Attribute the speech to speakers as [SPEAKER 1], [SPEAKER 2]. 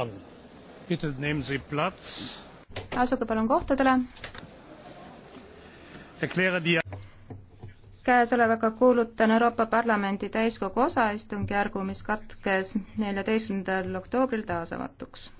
[SPEAKER 1] an. Bitte nehmen Sie Platz.
[SPEAKER 2] asuge palun kohtadele.
[SPEAKER 3] käesolevaga kuulutan Euroopa Parlamendi täiskogu osaistungjärgu, mis katkes neljateistkümnendal oktoobril
[SPEAKER 4] taasavatuks